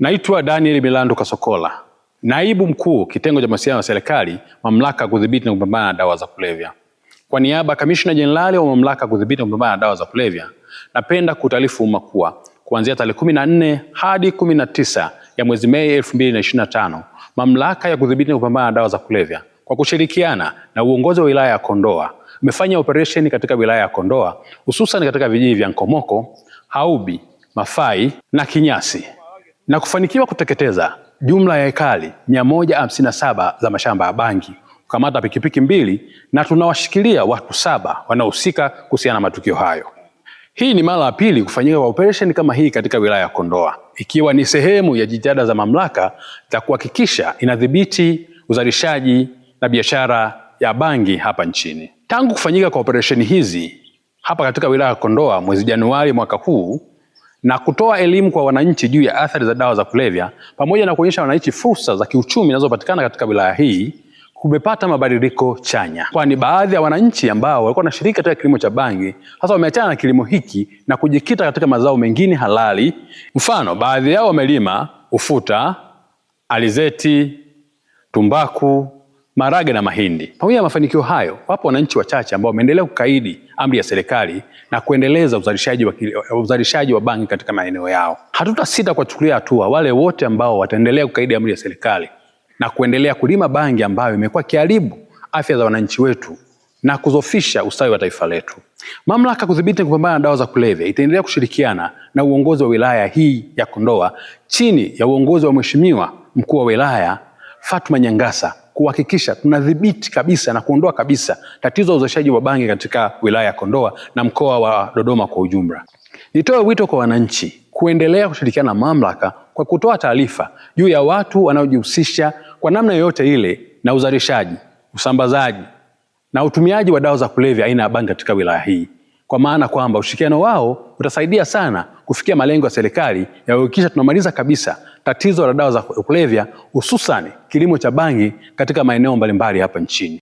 Naitwa Daniel Milando Kasokola, naibu mkuu kitengo cha mawasiliano ya serikali, mamlaka ya kudhibiti na kupambana na dawa za kulevya. Kwa niaba ya kamishna jenerali wa mamlaka ya kudhibiti na kupambana na dawa za kulevya, napenda kutaarifu umma kuwa kuanzia tarehe kumi na nne hadi kumi na tisa ya mwezi Mei elfu mbili na ishirini na tano mamlaka ya kudhibiti na kupambana na dawa za kulevya kwa kushirikiana na uongozi wa wilaya ya Kondoa imefanya operesheni katika wilaya ya Kondoa, hususan katika vijiji vya Nkomoko, Haubi, Mafai na Kinyasi na kufanikiwa kuteketeza jumla ya ekari 157 za mashamba ya bangi, kukamata pikipiki mbili na tunawashikilia watu saba wanaohusika kuhusiana na matukio hayo. Hii ni mara ya pili kufanyika kwa operesheni kama hii katika wilaya ya Kondoa, ikiwa ni sehemu ya jitihada za mamlaka za kuhakikisha inadhibiti uzalishaji na biashara ya bangi hapa nchini. Tangu kufanyika kwa operesheni hizi hapa katika wilaya ya Kondoa mwezi Januari mwaka huu na kutoa elimu kwa wananchi juu ya athari za dawa za kulevya pamoja na kuonyesha wananchi fursa za kiuchumi zinazopatikana katika wilaya hii kumepata mabadiliko chanya, kwani baadhi ya wananchi ambao walikuwa wanashiriki katika kilimo cha bangi sasa wameachana na kilimo hiki na kujikita katika mazao mengine halali. Mfano, baadhi yao wamelima ufuta, alizeti, tumbaku maharage na mahindi. Pamoja na mafanikio hayo, wapo wananchi wachache ambao wameendelea kukaidi amri ya serikali na kuendeleza uzalishaji wa, uzalishaji wa bangi katika maeneo yao. Hatutasita kuwachukulia hatua wale wote ambao wataendelea kukaidi amri ya serikali na kuendelea kulima bangi ambayo imekuwa kiharibu afya za wananchi wetu na kuzofisha ustawi wa taifa letu. Mamlaka kudhibiti kupambana na dawa za kulevya itaendelea kushirikiana na uongozi wa wilaya hii ya Kondoa chini ya uongozi wa Mheshimiwa mkuu wa wilaya Fatuma Nyangasa kuhakikisha tunadhibiti kabisa na kuondoa kabisa tatizo la uzalishaji wa bangi katika wilaya ya Kondoa na mkoa wa Dodoma kwa ujumla. Nitoe wito kwa wananchi kuendelea kushirikiana na mamlaka kwa kutoa taarifa juu ya watu wanaojihusisha kwa namna yoyote ile na uzalishaji, usambazaji na utumiaji wa dawa za kulevya aina ya bangi katika wilaya hii kwa maana kwamba ushirikiano wao utasaidia sana kufikia malengo ya serikali ya kuhakikisha tunamaliza kabisa tatizo la dawa za kulevya hususan kilimo cha bangi katika maeneo mbalimbali hapa nchini.